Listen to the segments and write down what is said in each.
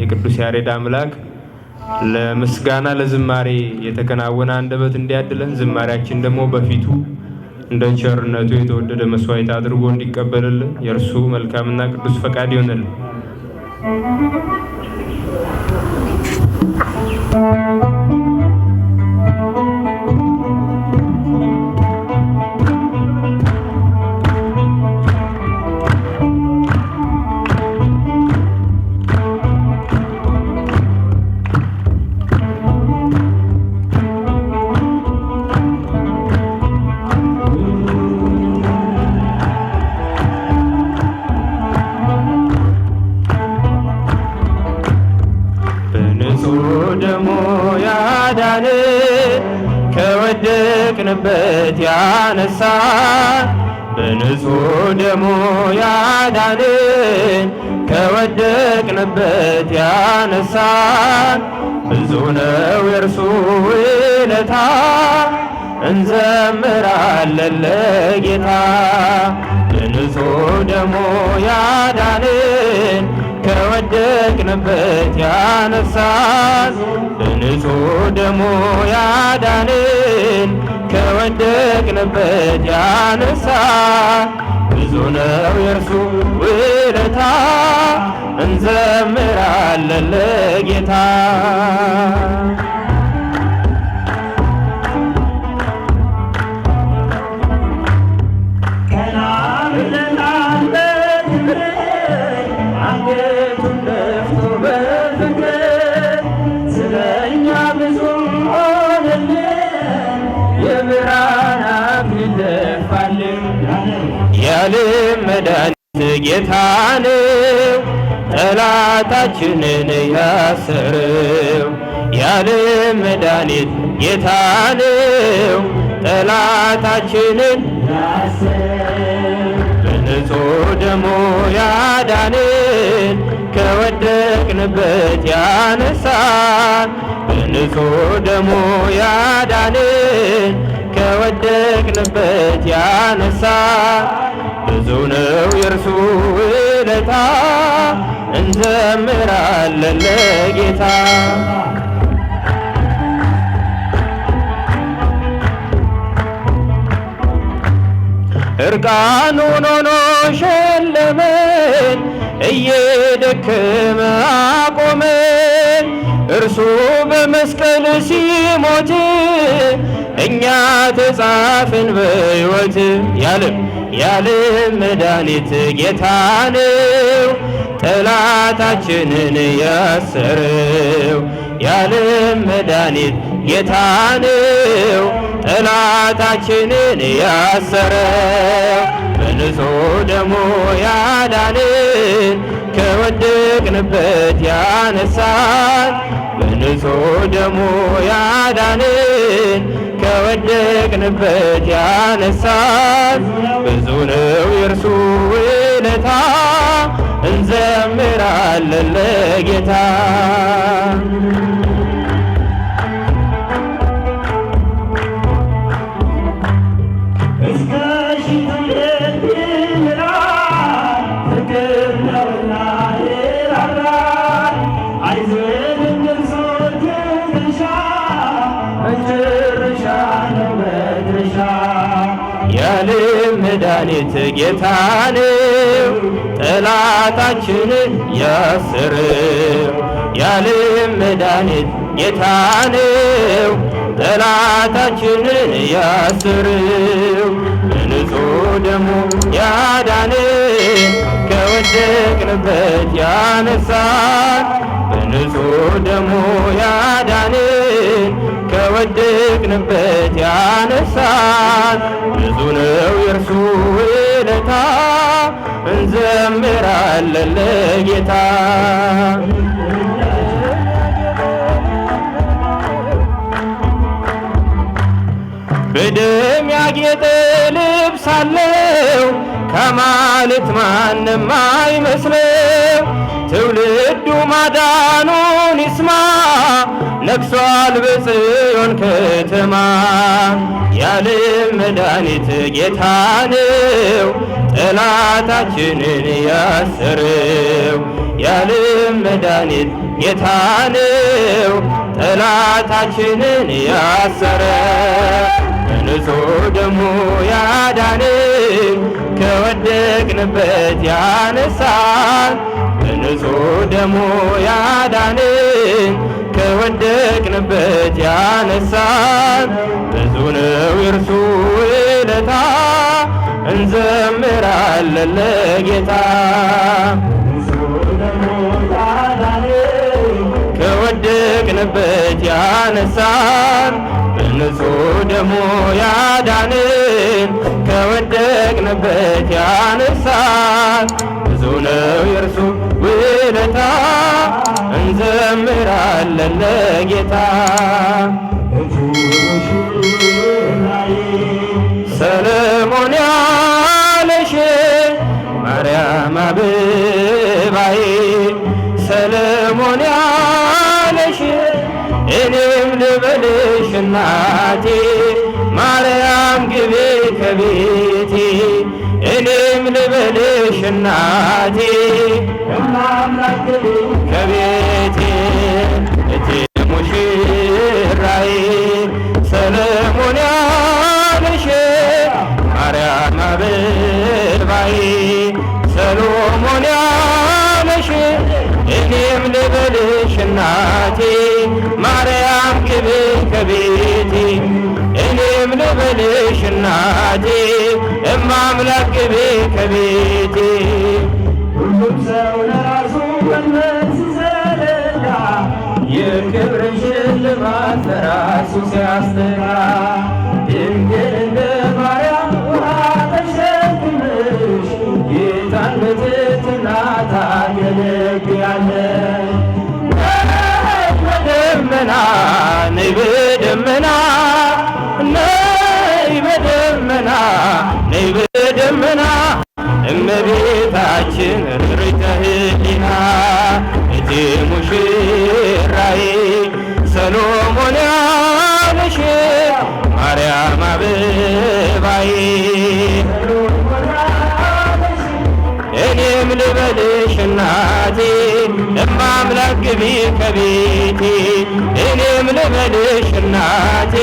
የቅዱስ ያሬድ አምላክ ለምስጋና ለዝማሬ የተከናወነ አንደበት እንዲያድለን ዝማሬያችን ደግሞ በፊቱ እንደ ቸርነቱ የተወደደ መስዋዕት አድርጎ እንዲቀበልልን የእርሱ መልካምና ቅዱስ ፈቃድ ይሆንልን። ተነሳ በንጹሕ ደሙ ያዳንን ከወደቅንበት ያነሳን ብዙ ነው የእርሱ ውለታ እንዘምራለን ለጌታ በንጹሕ ደሙ ያዳንን ከወደቅንበት ያነሳን በንጹሕ ደሙ ያዳንን ከወደቅንበት ያነሳን ብዙ ነው የእርሱ ውለታ፣ እንዘምራለን ለጌታ የዓለም መድኃኒት ጌታ ነው ጠላታችንን ያሰረው የዓለም መድኃኒት ጌታ ነው ጠላታችንን በንጹሕ ደሙ ያዳንን ከወደቅንበት ያነሳን በንጹሕ ደሙ ያዳንን ከወደቅንበት ያነሳ ብዙ ነው የእርሱ ውለታ፣ እንዘምራለን ለጌታ። እርቃኑን ሆኖ ሸለመን፣ እየደከመ አቆመን። እርሱ በመስቀል ሲሞት እኛ ተጻፍን በሕይወት ያለም ያለም መድኃኒት ጌታ ነው ጠላታችንን ያሰረው ያለም መድኃኒት ጌታ ነው ጠላታችንን ያሰረው በንጹሕ ደሙ ያዳንን ከወደቅንበት ያነሳን በንጹሕ ደሞ ያዳንን ከወደቅንበት ያነሳን ብዙ ነው የእርሱ ውለታ፣ እንዘምራለን ለጌታ መድኃኒት ጌታን ጠላታችንን ያስር ያለም መድኃኒት ጌታን ጠላታችንን ያስር ንጹሕ ደሙ ያዳን ከወደቅንበት ያነሳን በንጹሕ ደሙ ያዳንን ከወደቅንበት ያነሳን ብዙ ነው የእርሱ ውለታ፣ እንዘምራለን ለጌታ። በደም ያጌጠ ልብስ አለው ከማለት ማንም አይመስለው ማዳኑን ይስማ ነግሷል በጽዮን ከተማ ያለም መድኃኒት ጌታ ነው ጠላታችንን ያሰረው ያለም መድኃኒት ጌታ ነው ጠላታችንን ያሰረው በንጹሕ ደሙ ያዳንን ከወደቅንበት ያነሳን በንጹሕ ደሞ ያዳንን ከወደቅንበት ያነሳን ብዙ ነው የእርሱ ውለታ እንዘምራለን ለጌታ። ከወደቅንበት ያነሳን በንጹሕ ደሙ ያዳንን ከወደቅንበት ያነሳን ነው የእርሱ ውለታ፣ እንዘምራለን ለጌታ። ሰለሞን ያለሽ ማርያም አበባዬ፣ ሰለሞን ያለሽ እኔም ልበልሽ እናቴ፣ ማርያም ግቤ ከቤ ልበልሽ እናቴ ከቤቴ እቴ ሙሽራዬ ሰለሞን ያብርሽ ማርያም አበባዬ ሰሎሞን ያነሽ እኔም ልበልሽ እናቴ ማርያም ግቢ ከቤቴ ልበልሽ እናቴ እማምላክ ግቤ ከቤቴ ሁሉም ሰው ለራሱ ልማት ለራሱ ሲያስተራ ድንግል እንደ ማርያም ውሃ ተሸክምሽ ጌታን ወደመና በደመና እመቤታችን ርይተ ህሊና እቲ ሙሽራዬ ሰሎሞን ያለሽ ማርያም አበባዬ እኔም ልበልሽ እናቴ ለማምላክ ግቢ ከቤቴ እኔም ልበልሽ እናቴ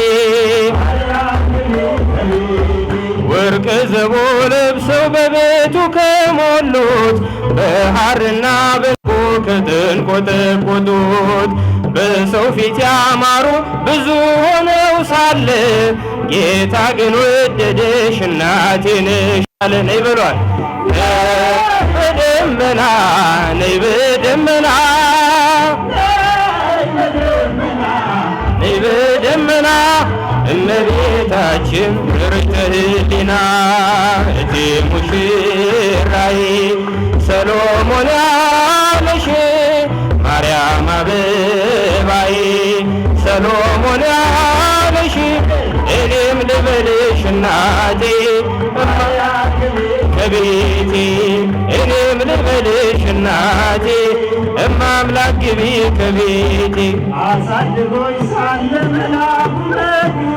ወርቅ ዘቦ ለብሰው በቤቱ ከሞሉት በሐርና በዕንቁ ከተንቆጠቆጡት በሰው ፊት ያማሩ ብዙ ሆነው ሳለ ጌታ ግን ወደደሽ እናቴ ነሽ አለ ነይ ብሏል በደመና አንቺም ክብርተ ሕሊና እቲ ሙሽራዬ ሰሎሞን ያለሽ ማርያም አበባዬ ሰሎሞን ያለሽ እኔም ልበልሽ እናቴ ከቤቴ እኔም ልበልሽ እናቴ እማምላክ ግቢ ከቤቴ አሳድጎኝ ሳለ መላኩ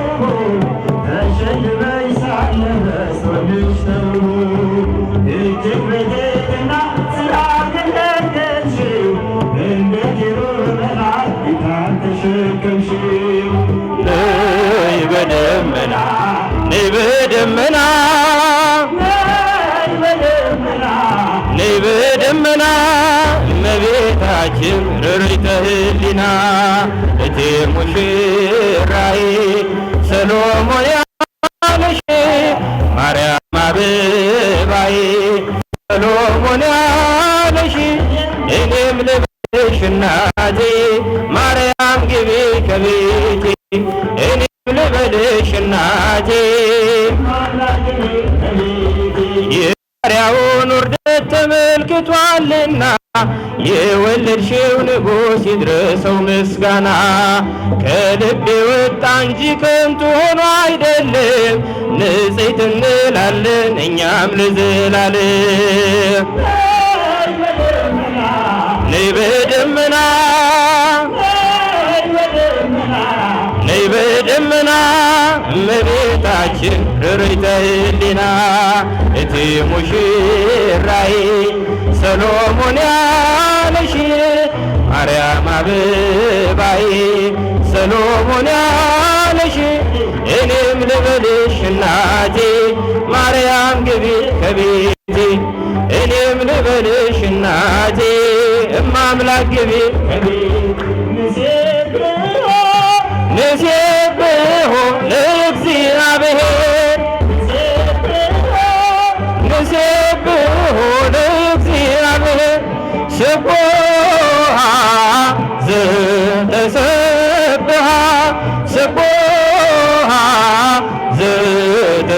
በደመና ነይ በደመና እመቤታችን ርሪተ ህሊና እቴ ሙሽራዬ ሰሎሞን ማርያምሽ ማርያም አበባዬ ሰሎሞን ያለሽ እኔም ልበልሽ እናቴ ማርያም ግቢ ከቤቴ እኔም ልበልሽ እናቴ የማርያውን ውርደት ተመልክቷልና የወለድሽው ንጉሥ ይድረሰው ምስጋና ከልቤ ወጣ እንጂ ከንቱ ሆኖ አይደለም። ንጽሕት እንላለን እኛም ለዘላለም ንይ ደመና እመቤታችን ርይተ ህሊና እቲ ሙሽራይ ሰሎሞን ያለሽ ማርያም አበባይ ሰሎሞን ያለሽ እኔም ልበልሽ እናቴ ማርያም ግቢ ከቤቴ እኔም ልበልሽ እናቴ እማምላክ ግቢ ከቤቴ ንሴ ይሁን ለእግዚአብሔር ምስብ ለእግዚአብሔር ዘተሰብሃ ዘተሰብሃ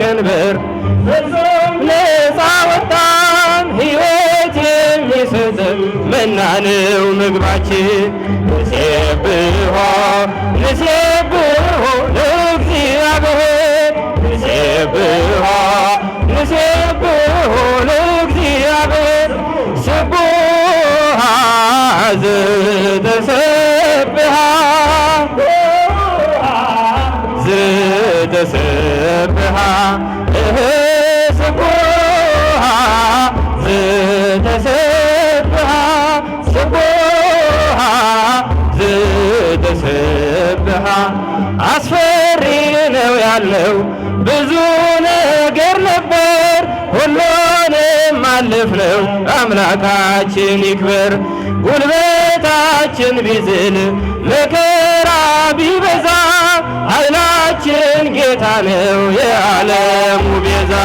ከሞት ቀንበር ነፃ ወጣን ሕይወት የሚሰጥ መናንው ምግባችን ንሴብሖ ንሴብሖ ለእግዚአብሔር ንሴብሖ ንሴብሖ ለእግዚአብሔር ስቡሕ ዘተሰብሐ ዘተሰ አስፈሪ ነው ያለው ብዙ ነገር ነበር፣ ሁሉንም ማለፍ ነው አምላካችን ይክበር። ጉልበታችን ቢዝል መከራ ቢበዛ ኃይላችን ጌታ ነው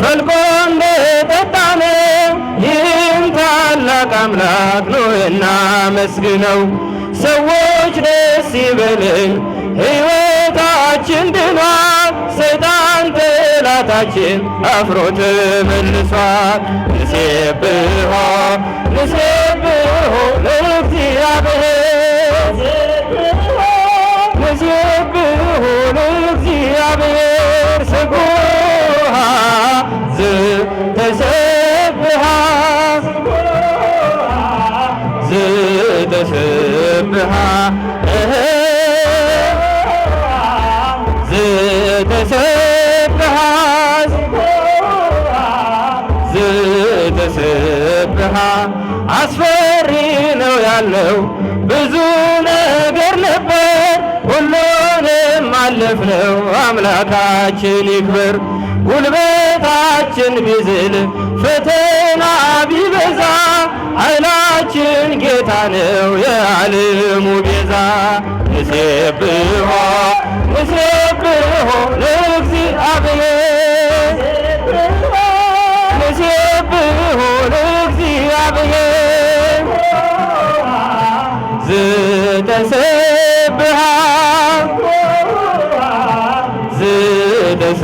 ፈልቆ እንደጠጣነ ይህን ታላቅ አምላክ ነው እናመስግነው። ሰዎች ደስ ይበልን ሕይወታችን ድኗል። ሰይጣን ጠላታችን አፍሮ ተመልሷል። ንሴብሖ ንሴብሖ ለእግዚአብሔር ንሴብሖ ለእግዚአብሔር ብርሃን ዘተሰብሐት አስፈሪ ነው ያለው ብዙ ነገር ነበር ሁሉንም ነው አምላካችን ይክበር። ጉልበታችን ቢዝል ፈተና ቢበዛ አይላ የሁላችን ጌታ ነው የዓለሙ ቤዛ ንሴብሖ ንሴብሖ ለእግዚአብሔር ንሴብሖ ለእግዚአብሔር ዝተሰብሐ ዝተሰ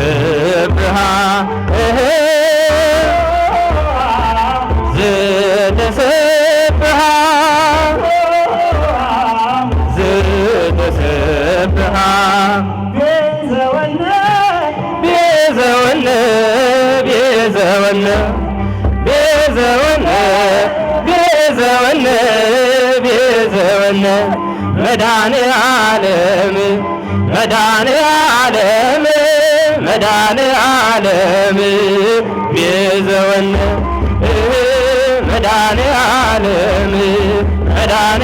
አለ መዳን ዓለም መዳን ዓለም መዳን ዓለም ቤዘወነ መዳን ዓለም መዳን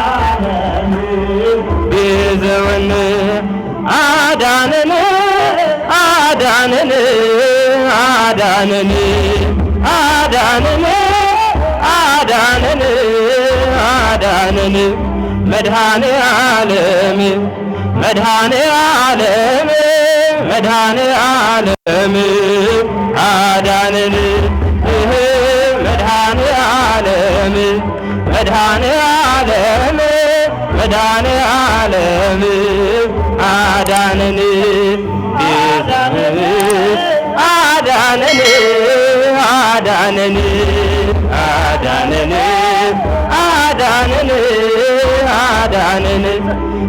ዓለም ቤዘወነ አዳንን አዳንን አዳንን ዓለም መድኃኔ ዓለም መድኃኔ ዓለም መድኃኔ ዓለም አዳንን መድኃኔ ዓለም መድኃኔ ዓለም መድኃኔ ዓለም አዳንን አዳንን አዳንን አዳንን ኪዳንን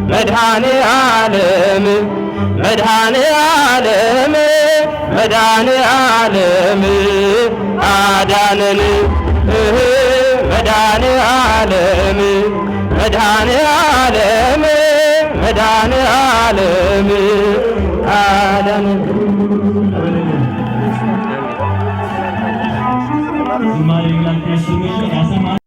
መድኃኔ ዓለም መድኃኔ ዓለም መድኃኔ ዓለም አዳነን መድኃኔ ዓለም መድኃኔ ዓለም መድኃኔ ዓለም አዳነን